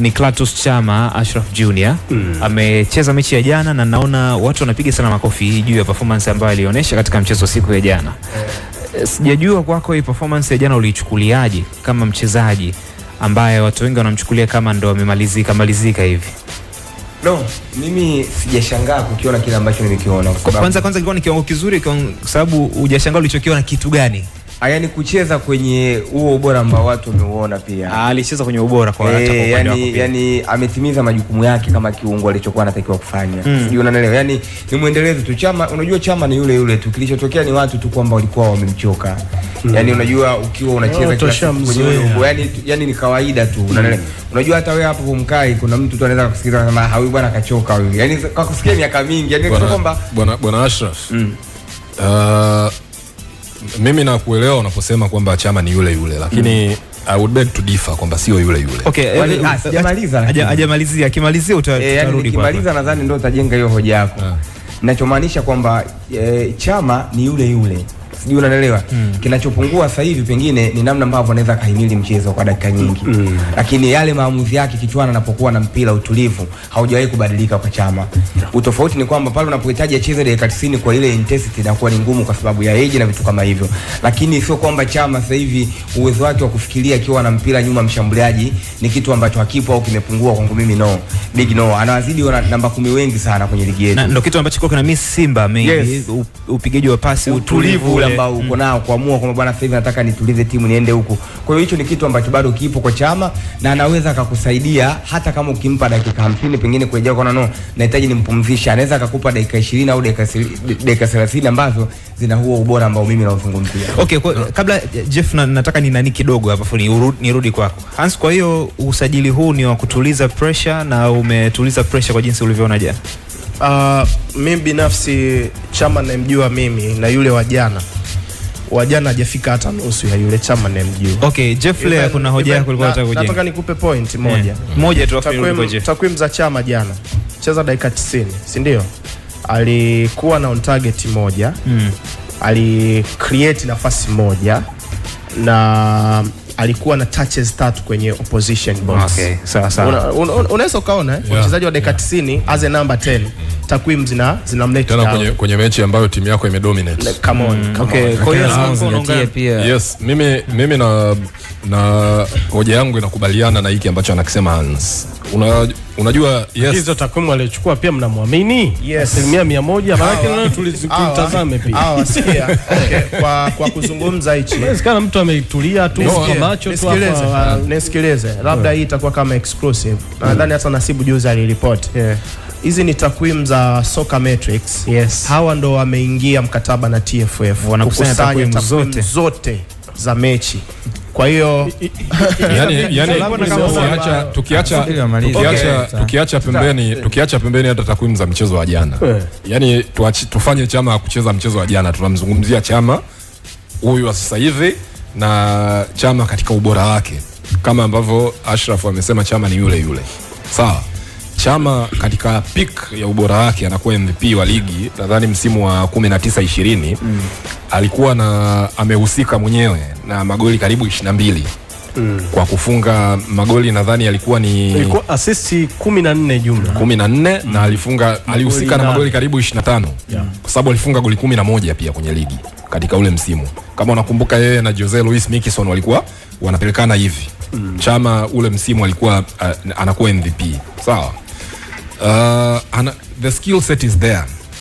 ni Clatous Chama Ashraf Junior mm. amecheza mechi ya jana na naona watu wanapiga sana makofi juu ya performance ambayo alionyesha katika mchezo siku ya jana. Eh, sijajua kwako hii performance ya jana uliichukuliaje kama mchezaji ambaye watu wengi wanamchukulia kama ndo amemalizika malizika hivi? No, mimi sijashangaa kukiona kile ambacho nilikiona. Kwanza kwanza kilikuwa ni kiwango kizuri, kwa sababu hujashangaa ulichokiona kitu gani? Yaani kucheza kwenye huo ubora ambao watu wameuona pia. Ah, alicheza kwenye ubora kwa eh, hata kwa upande wako. Yaani ametimiza majukumu yake kama kiungo alichokuwa anatakiwa kufanya. Mm. Sijui unanielewa. Yaani ni muendelezo tu Chama, unajua Chama ni yule yule tu. Kilichotokea ni watu tu kwamba walikuwa wamemchoka. Mm. Yani unajua ukiwa unacheza kwa kwenye ule ubora, yani yaani ni kawaida tu. Unanielewa. Hmm. Unajua hata wewe hapo kumkai kuna mtu tu anaweza kukusikiliza kama hawi ah, bwana kachoka huyu. Yani kwa kusikia miaka mingi, yaani kwamba bwana bwana Ashraf. Mm. Uh, mimi nakuelewa unaposema kwamba Chama ni yule yule lakini mm. I would beg to differ kwamba sio yule yule. Okay, eh, eh, ah, eh, sijamaliza. Hajamalizia, akimalizia utarudi kwa. Akimaliza nadhani ndio utajenga hiyo hoja yako. Ninachomaanisha ah. kwamba eh, Chama ni yule yule sijui unanielewa mm. Kinachopungua sasa hivi pengine ni namna ambavyo anaweza kahimili mchezo kwa dakika nyingi mm. Lakini yale maamuzi yake kichwani anapokuwa na mpira, utulivu haujawahi kubadilika kwa Chama. yeah. Utofauti ni kwamba pale unapohitaji acheze dakika 90 kwa ile intensity na kuwa ni ngumu kwa sababu ya age na vitu kama hivyo, lakini sio kwamba Chama sasa hivi uwezo wake wa kufikiria akiwa na mpira nyuma mshambuliaji ni kitu ambacho hakipo au kimepungua. Kwangu mimi no big no, anawazidi wana namba kumi wengi sana kwenye ligi yetu, ndio kitu ambacho kwa kina miss Simba mimi yes. Upigaji wa pasi, utulivu ule ambao mm. uko nao kuamua kwamba bwana, sasa hivi nataka nitulize timu niende huku. Kwa hiyo hicho ni kitu ambacho bado kipo kwa Chama na anaweza akakusaidia hata kama ukimpa dakika 50 pengine kurejea kwa nono, nahitaji nimpumzishe, anaweza akakupa dakika 20 au dakika 30 ambazo zina huo ubora ambao mimi nauzungumzia. Okay, kwa, no. kabla Jeff na, nataka ni nani kidogo hapa nirudi nirudi kwako Hans. Kwa hiyo usajili huu ni wa kutuliza pressure na umetuliza pressure kwa jinsi ulivyoona jana. Uh, mimi binafsi Chama namjua mimi na yule wa jana wa jana hajafika hata nusu ya yule chama na mjuu. Okay, Jeffley kuna hoja yako ulikuwa unataka kujenga. Nataka nikupe point moja. Yeah. Moja tu afi Jeff. takwimu za chama jana. Cheza dakika 90, si ndio? Alikuwa na on target moja. Mm. Ali create nafasi moja na alikuwa na touches tatu kwenye opposition box. Okay, sawa sawa. Unaweza una, una, una ukaona eh? mchezaji wa dakika 90 yeah. as a number 10. Mm takwimu zina zinamleta tena kwenye, kwenye mechi ambayo timu yako imedominate. Come on. Mm, okay. Kwa hiyo zingatia pia. Yes, mimi mimi na na hoja yangu inakubaliana na hiki ambacho anakisema Hans. Una, unajua yes. Hizo takwimu alichukua pia mnamwamini? Yes. Asilimia mia moja maana leo tulizitazame pia. Hawa sikia. Okay. Kwa kwa kuzungumza hichi. Inawezekana mtu ametulia tu kwa macho tu hapa. Nisikilize. Labda hii itakuwa kama exclusive. Nadhani hata Nasibu juzi aliripoti. Yeah hizi ni takwimu za Soka matrix Yes. Hawa ndo wameingia mkataba na TFF wanakusanya takwimu zote zote za mechi kwa hiyo yani, yani, tukiacha tukiacha tukiacha pembeni tukiacha pembeni hata takwimu za mchezo wa jana yani tuachi, tufanye Chama kucheza mchezo wa jana, tunamzungumzia Chama huyu wa sasa hivi na Chama katika ubora wake, kama ambavyo Ashraf amesema Chama ni yule yule, sawa Chama katika peak ya ubora wake anakuwa MVP wa ligi, nadhani msimu wa 19 20, mm. alikuwa na amehusika mwenyewe na magoli karibu 22 Mm. Kwa kufunga magoli nadhani alikuwa ni ilikuwa assist 14 jumla 14 mm. na alifunga alihusika na magoli karibu 25 yeah. kwa sababu alifunga goli 11 pia kwenye ligi katika ule msimu. Kama unakumbuka yeye na Jose Luis Mikison walikuwa wanapelekana hivi mm. Chama ule msimu alikuwa uh, anakuwa MVP sawa so, uh, and the skill set is there